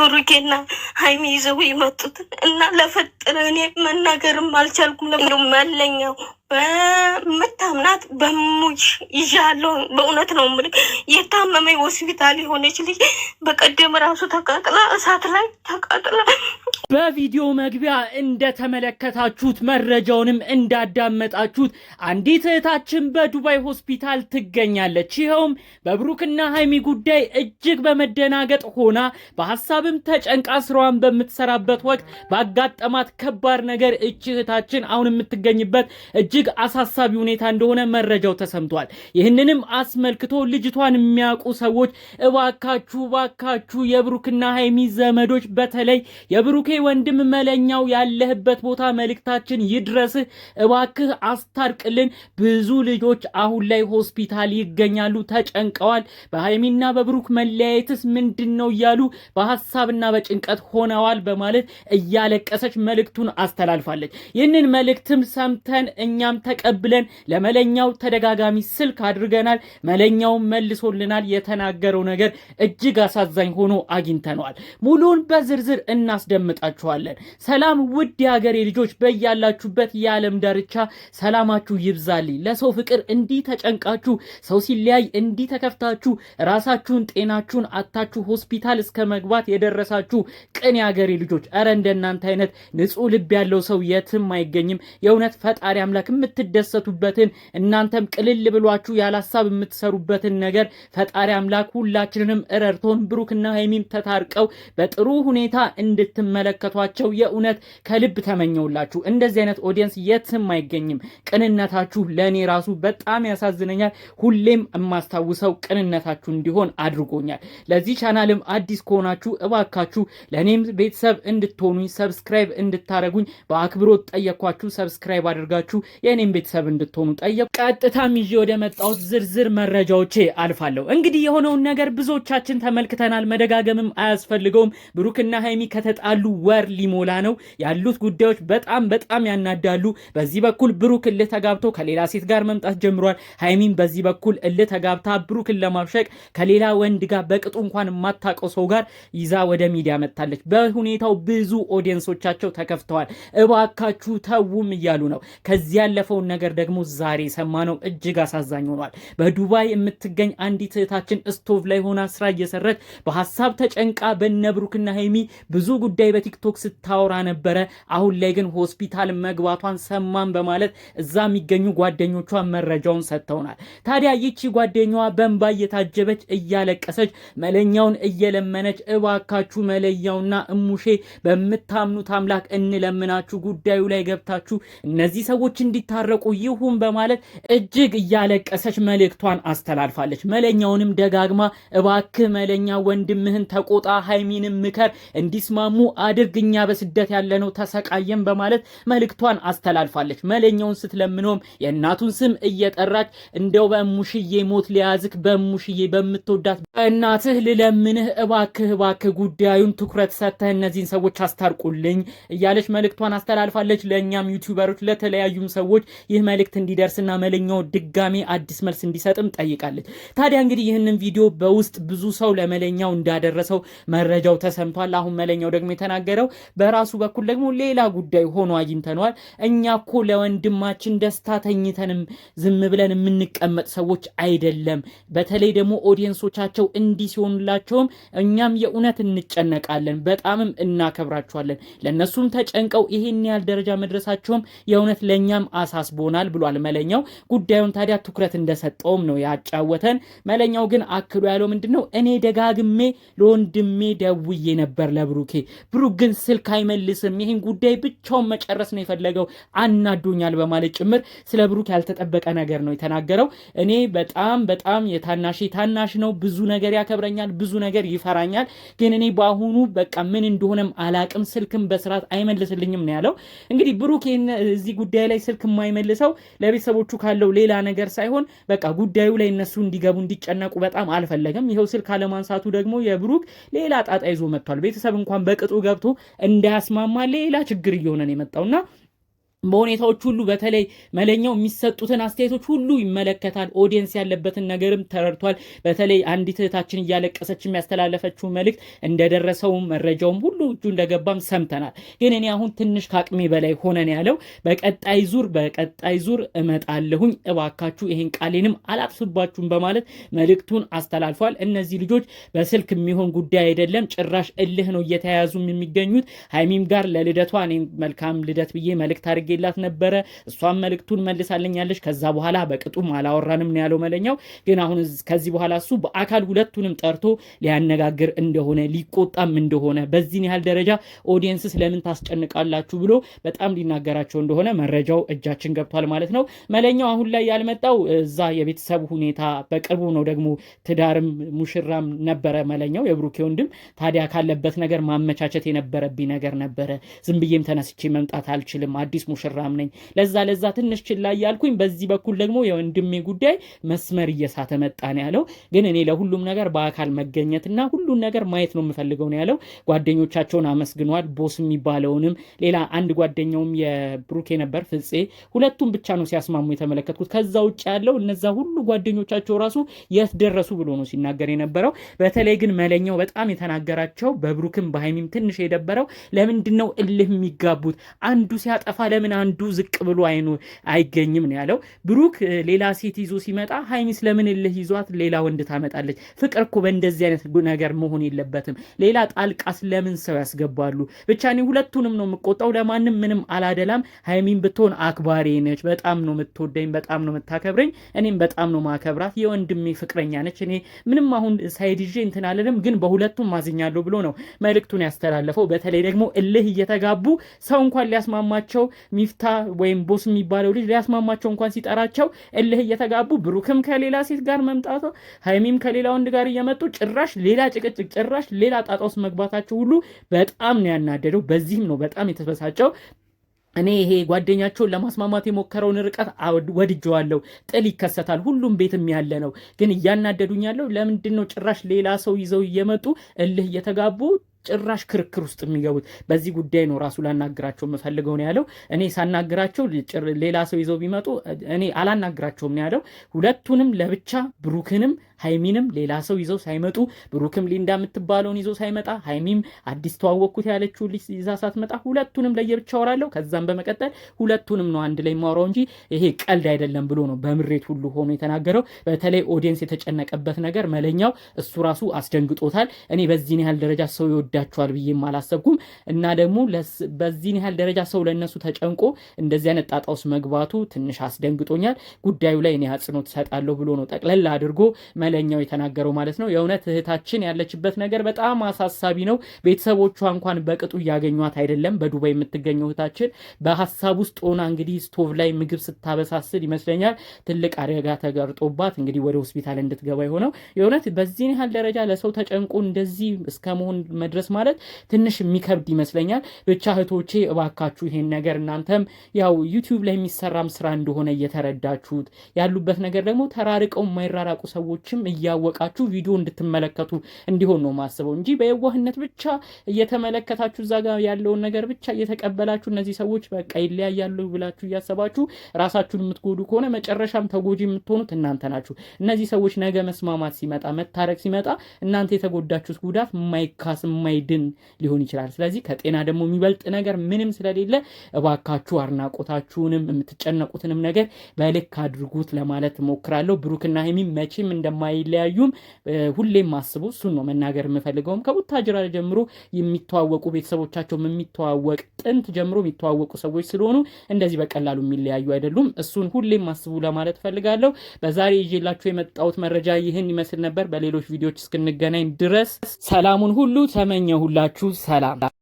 ብሩኬና ሀይሚ ይዘው የመጡት እና ለፈጠረ እኔ መናገርም አልቻልኩም። ለምዶ መለኛው በምታምናት በሙች ይዣለሁ። በእውነት ነው የምልህ የታመመ ሆስፒታል የሆነች ልጅ በቀደም ራሱ ተቃጥላ እሳት ላይ ተቃጥላ በቪዲዮ መግቢያ እንደተመለከታችሁት መረጃውንም እንዳዳመጣችሁት አንዲት እህታችን በዱባይ ሆስፒታል ትገኛለች። ይኸውም በብሩክና ሀይሚ ጉዳይ እጅግ በመደናገጥ ሆና በሀሳብም ተጨንቃ ስራዋን በምትሰራበት ወቅት ባጋጠማት ከባድ ነገር እች እህታችን አሁን የምትገኝበት እጅግ እጅግ አሳሳቢ ሁኔታ እንደሆነ መረጃው ተሰምቷል። ይህንንም አስመልክቶ ልጅቷን የሚያውቁ ሰዎች እባካችሁ እባካችሁ የብሩክና ሀይሚ ዘመዶች፣ በተለይ የብሩኬ ወንድም መለኛው ያለህበት ቦታ መልእክታችን ይድረስህ፣ እባክህ አስታርቅልን። ብዙ ልጆች አሁን ላይ ሆስፒታል ይገኛሉ፣ ተጨንቀዋል። በሀይሚና በብሩክ መለያየትስ ምንድን ነው እያሉ በሀሳብና በጭንቀት ሆነዋል በማለት እያለቀሰች መልእክቱን አስተላልፋለች። ይህንን መልእክትም ሰምተን እኛ እኛም ተቀብለን ለመለኛው ተደጋጋሚ ስልክ አድርገናል። መለኛው መልሶልናል። የተናገረው ነገር እጅግ አሳዛኝ ሆኖ አግኝተነዋል። ሙሉውን በዝርዝር እናስደምጣችኋለን። ሰላም ውድ የሀገሬ ልጆች፣ በያላችሁበት የዓለም ዳርቻ ሰላማችሁ ይብዛልኝ። ለሰው ፍቅር እንዲህ ተጨንቃችሁ፣ ሰው ሲለያይ እንዲህ ተከፍታችሁ፣ ራሳችሁን ጤናችሁን አታችሁ ሆስፒታል እስከ መግባት የደረሳችሁ ቅን የሀገሬ ልጆች፣ እረ እንደናንተ አይነት ንጹህ ልብ ያለው ሰው የትም አይገኝም። የእውነት ፈጣሪ አምላክ የምትደሰቱበትን እናንተም ቅልል ብሏችሁ ያለ ሀሳብ የምትሰሩበትን ነገር ፈጣሪ አምላክ ሁላችንንም እረርቶን ብሩክና ሀይሚም ተታርቀው በጥሩ ሁኔታ እንድትመለከቷቸው የእውነት ከልብ ተመኘውላችሁ። እንደዚህ አይነት ኦዲየንስ የትም አይገኝም። ቅንነታችሁ ለእኔ ራሱ በጣም ያሳዝነኛል። ሁሌም የማስታውሰው ቅንነታችሁ እንዲሆን አድርጎኛል። ለዚህ ቻናልም አዲስ ከሆናችሁ እባካችሁ ለእኔም ቤተሰብ እንድትሆኑኝ ሰብስክራይብ እንድታደረጉኝ በአክብሮት ጠየኳችሁ። ሰብስክራይብ አድርጋችሁ የእኔም ቤተሰብ እንድትሆኑ ጠየቁ። ቀጥታም ይዤ ወደ መጣሁት ዝርዝር መረጃዎቼ አልፋለሁ። እንግዲህ የሆነውን ነገር ብዙዎቻችን ተመልክተናል። መደጋገምም አያስፈልገውም። ብሩክና ሀይሚ ከተጣሉ ወር ሊሞላ ነው። ያሉት ጉዳዮች በጣም በጣም ያናዳሉ። በዚህ በኩል ብሩክ እልህ ተጋብቶ ከሌላ ሴት ጋር መምጣት ጀምሯል። ሀይሚም በዚህ በኩል እልህ ተጋብታ ብሩክን ለማብሸቅ ከሌላ ወንድ ጋር በቅጡ እንኳን የማታውቀው ሰው ጋር ይዛ ወደ ሚዲያ መጥታለች። በሁኔታው ብዙ ኦዲየንሶቻቸው ተከፍተዋል። እባካችሁ ተዉም እያሉ ነው። ከዚያ ያለፈውን ነገር ደግሞ ዛሬ የሰማነው እጅግ አሳዛኝ ሆኗል። በዱባይ የምትገኝ አንዲት እህታችን ስቶቭ ላይ ሆና ስራ እየሰራች በሀሳብ ተጨንቃ በነብሩክና ሀይሚ ብዙ ጉዳይ በቲክቶክ ስታወራ ነበረ። አሁን ላይ ግን ሆስፒታል መግባቷን ሰማን በማለት እዛ የሚገኙ ጓደኞቿ መረጃውን ሰጥተውናል። ታዲያ ይቺ ጓደኛዋ በእንባ እየታጀበች እያለቀሰች መለኛውን እየለመነች እባካችሁ መለያውና እሙሼ በምታምኑት አምላክ እንለምናችሁ ጉዳዩ ላይ ገብታችሁ እነዚህ ሰዎች እንዲ እንዲታረቁ ይሁን በማለት እጅግ እያለቀሰች መልእክቷን አስተላልፋለች። መለኛውንም ደጋግማ እባክህ መለኛ ወንድምህን ተቆጣ፣ ሀይሚንም ምከር፣ እንዲስማሙ አድርግ፣ እኛ በስደት ያለነው ተሰቃየም በማለት መልእክቷን አስተላልፋለች። መለኛውን ስትለምነውም የእናቱን ስም እየጠራች እንደው በሙሽዬ ሞት ሊያዝክ በሙሽዬ በምትወዳት እናትህ ልለምንህ፣ እባክህ እባክህ ጉዳዩን ትኩረት ሰጥተህ እነዚህን ሰዎች አስታርቁልኝ እያለች መልእክቷን አስተላልፋለች። ለእኛም ዩቲዩበሮች ለተለያዩም ሰዎች ሰዎች ይህ መልእክት እንዲደርስና መለኛው ድጋሜ አዲስ መልስ እንዲሰጥም ጠይቃለች። ታዲያ እንግዲህ ይህንን ቪዲዮ በውስጥ ብዙ ሰው ለመለኛው እንዳደረሰው መረጃው ተሰምቷል። አሁን መለኛው ደግሞ የተናገረው በራሱ በኩል ደግሞ ሌላ ጉዳይ ሆኖ አግኝተነዋል። እኛ እኮ ለወንድማችን ደስታ ተኝተንም ዝም ብለን የምንቀመጥ ሰዎች አይደለም። በተለይ ደግሞ ኦዲየንሶቻቸው እንዲህ ሲሆኑላቸውም እኛም የእውነት እንጨነቃለን፣ በጣምም እናከብራቸዋለን። ለእነሱም ተጨንቀው ይሄን ያህል ደረጃ መድረሳቸውም የእውነት ለእኛም አሳስቦናል ብሏል መለኛው። ጉዳዩን ታዲያ ትኩረት እንደሰጠውም ነው ያጫወተን። መለኛው ግን አክሎ ያለው ምንድን ነው፣ እኔ ደጋግሜ ለወንድሜ ደውዬ ነበር ለብሩኬ፣ ብሩክ ግን ስልክ አይመልስም፣ ይህን ጉዳይ ብቻውን መጨረስ ነው የፈለገው፣ አናዶኛል በማለት ጭምር ስለ ብሩክ ያልተጠበቀ ነገር ነው የተናገረው። እኔ በጣም በጣም የታናሽ ታናሽ ነው፣ ብዙ ነገር ያከብረኛል፣ ብዙ ነገር ይፈራኛል። ግን እኔ በአሁኑ በቃ ምን እንደሆነም አላቅም፣ ስልክም በስርዓት አይመልስልኝም ነው ያለው። እንግዲህ ብሩክ እዚህ ጉዳይ ላይ ስልክ የማይመልሰው ለቤተሰቦቹ ካለው ሌላ ነገር ሳይሆን በቃ ጉዳዩ ላይ እነሱ እንዲገቡ እንዲጨነቁ በጣም አልፈለገም። ይኸው ስልክ አለማንሳቱ ደግሞ የብሩክ ሌላ ጣጣ ይዞ መጥቷል። ቤተሰብ እንኳን በቅጡ ገብቶ እንዳያስማማ ሌላ ችግር እየሆነ ነው የመጣውና በሁኔታዎች ሁሉ በተለይ መለኛው የሚሰጡትን አስተያየቶች ሁሉ ይመለከታል። ኦዲየንስ ያለበትን ነገርም ተረድቷል። በተለይ አንዲት እህታችን እያለቀሰች የሚያስተላለፈችው መልእክት እንደደረሰውም መረጃውም ሁሉ እጁ እንደገባም ሰምተናል። ግን እኔ አሁን ትንሽ ከአቅሜ በላይ ሆነን ያለው በቀጣይ ዙር በቀጣይ ዙር እመጣለሁኝ፣ እባካችሁ ይሄን ቃሌንም አላጥፍባችሁም በማለት መልእክቱን አስተላልፏል። እነዚህ ልጆች በስልክ የሚሆን ጉዳይ አይደለም፣ ጭራሽ እልህ ነው እየተያያዙም የሚገኙት። ሀይሚም ጋር ለልደቷ ኔ መልካም ልደት ብዬ መልእክት አድርጌ አድርጌላት ነበረ። እሷም መልእክቱን መልሳለኛለች። ከዛ በኋላ በቅጡም አላወራንም ነው ያለው መለኛው። ግን አሁን ከዚህ በኋላ እሱ በአካል ሁለቱንም ጠርቶ ሊያነጋግር እንደሆነ ሊቆጣም እንደሆነ በዚህን ያህል ደረጃ ኦዲየንስ ስለምን ታስጨንቃላችሁ ብሎ በጣም ሊናገራቸው እንደሆነ መረጃው እጃችን ገብቷል ማለት ነው። መለኛው አሁን ላይ ያልመጣው እዛ የቤተሰቡ ሁኔታ በቅርቡ ነው። ደግሞ ትዳርም ሙሽራም ነበረ መለኛው የብሩኬ ወንድም። ታዲያ ካለበት ነገር ማመቻቸት የነበረብኝ ነገር ነበረ። ዝም ብዬም ተነስቼ መምጣት አልችልም አዲስ ሙሽ ሙሽራም ነኝ። ለዛ ለዛ ትንሽ ችላ እያልኩኝ በዚህ በኩል ደግሞ የወንድሜ ጉዳይ መስመር እየሳተ መጣ ነው ያለው። ግን እኔ ለሁሉም ነገር በአካል መገኘትና ሁሉን ነገር ማየት ነው የምፈልገው ነው ያለው። ጓደኞቻቸውን አመስግኗል። ቦስ የሚባለውንም ሌላ አንድ ጓደኛውም የብሩኬ ነበር ፍጼ። ሁለቱም ብቻ ነው ሲያስማሙ የተመለከትኩት። ከዛ ውጭ ያለው እነዛ ሁሉ ጓደኞቻቸው ራሱ የት ደረሱ ብሎ ነው ሲናገር የነበረው። በተለይ ግን መለኛው በጣም የተናገራቸው በብሩክም በሃይሚም ትንሽ የደበረው ለምንድን ነው እልህ የሚጋቡት አንዱ ሲያጠፋ ለምን አንዱ ዝቅ ብሎ አይኑ አይገኝም ነው ያለው። ብሩክ ሌላ ሴት ይዞ ሲመጣ ሀይሚስ ለምን እልህ ይዟት ሌላ ወንድ ታመጣለች? ፍቅር እኮ በእንደዚህ አይነት ነገር መሆን የለበትም። ሌላ ጣልቃስ ለምን ሰው ያስገባሉ? ብቻ እኔ ሁለቱንም ነው የምቆጣው። ለማንም ምንም አላደላም። ሀይሚን ብትሆን አክባሪ ነች። በጣም ነው የምትወደኝ፣ በጣም ነው የምታከብረኝ። እኔም በጣም ነው ማከብራት። የወንድሜ ፍቅረኛ ነች። እኔ ምንም አሁን ሳይድ እንትን ግን በሁለቱም ማዝኛለሁ ብሎ ነው መልእክቱን ያስተላለፈው። በተለይ ደግሞ እልህ እየተጋቡ ሰው እንኳን ሊያስማማቸው ሚፍታ ወይም ቦስ የሚባለው ልጅ ሊያስማማቸው እንኳን ሲጠራቸው እልህ እየተጋቡ ብሩክም ከሌላ ሴት ጋር መምጣቱ ሀይሚም ከሌላ ወንድ ጋር እየመጡ ጭራሽ ሌላ ጭቅጭቅ ጭራሽ ሌላ ጣጣ ውስጥ መግባታቸው ሁሉ በጣም ነው ያናደደው። በዚህም ነው በጣም የተበሳጨው። እኔ ይሄ ጓደኛቸውን ለማስማማት የሞከረውን ርቀት ወድጀዋለሁ። ጥል ይከሰታል፣ ሁሉም ቤትም ያለ ነው። ግን እያናደዱኝ ያለው ለምንድን ነው ጭራሽ ሌላ ሰው ይዘው እየመጡ እልህ እየተጋቡ ጭራሽ ክርክር ውስጥ የሚገቡት በዚህ ጉዳይ ነው። ራሱ ላናግራቸው የምፈልገው ነው ያለው። እኔ ሳናግራቸው ሌላ ሰው ይዘው ቢመጡ እኔ አላናግራቸውም ነው ያለው። ሁለቱንም ለብቻ ብሩክንም ሀይሚንም ሌላ ሰው ይዘው ሳይመጡ ብሩክም ሊንዳ የምትባለውን ይዘው ሳይመጣ ሀይሚም አዲስ ተዋወቅኩት ያለችው ልጅ ይዛ ሳትመጣ ሁለቱንም ለየብቻ አወራለሁ። ከዛም በመቀጠል ሁለቱንም ነው አንድ ላይ ማውራው እንጂ ይሄ ቀልድ አይደለም ብሎ ነው በምሬት ሁሉ ሆኖ የተናገረው። በተለይ ኦዲየንስ የተጨነቀበት ነገር መለኛው እሱ ራሱ አስደንግጦታል። እኔ በዚህን ያህል ደረጃ ሰው ይወዳቸዋል ብዬም አላሰብኩም እና ደግሞ በዚህን ያህል ደረጃ ሰው ለእነሱ ተጨንቆ እንደዚህ አይነት ጣጣ ውስጥ መግባቱ ትንሽ አስደንግጦኛል። ጉዳዩ ላይ እኔ አጽንኦት እሰጣለሁ ብሎ ነው ጠቅለል አድርጎ መለኛው የተናገረው ማለት ነው። የእውነት እህታችን ያለችበት ነገር በጣም አሳሳቢ ነው። ቤተሰቦቿ እንኳን በቅጡ እያገኟት አይደለም። በዱባይ የምትገኘው እህታችን በሀሳብ ውስጥ ሆና እንግዲህ ስቶቭ ላይ ምግብ ስታበሳስል ይመስለኛል ትልቅ አደጋ ተጋርጦባት እንግዲህ ወደ ሆስፒታል እንድትገባ የሆነው የእውነት በዚህን ያህል ደረጃ ለሰው ተጨንቆ እንደዚህ እስከ መሆን መድረስ ማለት ትንሽ የሚከብድ ይመስለኛል። ብቻ እህቶቼ እባካችሁ ይሄን ነገር እናንተም ያው ዩቲዩብ ላይ የሚሰራም ስራ እንደሆነ እየተረዳችሁት ያሉበት ነገር ደግሞ ተራርቀው የማይራራቁ ሰዎች ሰዎችም እያወቃችሁ ቪዲዮ እንድትመለከቱ እንዲሆን ነው ማስበው እንጂ በየዋህነት ብቻ እየተመለከታችሁ እዛ ጋር ያለውን ነገር ብቻ እየተቀበላችሁ እነዚህ ሰዎች በቃ ይለያያሉ ብላችሁ እያሰባችሁ ራሳችሁን የምትጎዱ ከሆነ መጨረሻም ተጎጂ የምትሆኑት እናንተ ናችሁ። እነዚህ ሰዎች ነገ መስማማት ሲመጣ መታረቅ ሲመጣ እናንተ የተጎዳችሁት ጉዳት ማይካስ ማይድን ሊሆን ይችላል። ስለዚህ ከጤና ደግሞ የሚበልጥ ነገር ምንም ስለሌለ እባካችሁ አድናቆታችሁንም የምትጨነቁትንም ነገር በልክ አድርጉት ለማለት ሞክራለሁ። ብሩክና ሀይሚም መቼም እንደማ አይለያዩም ሁሌም ማስቡ እሱን ነው መናገር የምፈልገውም። ከቡታጅራ ጀምሮ የሚተዋወቁ ቤተሰቦቻቸውም የሚተዋወቅ ጥንት ጀምሮ የሚተዋወቁ ሰዎች ስለሆኑ እንደዚህ በቀላሉ የሚለያዩ አይደሉም። እሱን ሁሌም ማስቡ ለማለት ፈልጋለሁ። በዛሬ ይዤላችሁ የመጣሁት መረጃ ይህን ይመስል ነበር። በሌሎች ቪዲዮዎች እስክንገናኝ ድረስ ሰላሙን ሁሉ ተመኘሁላችሁ። ሰላም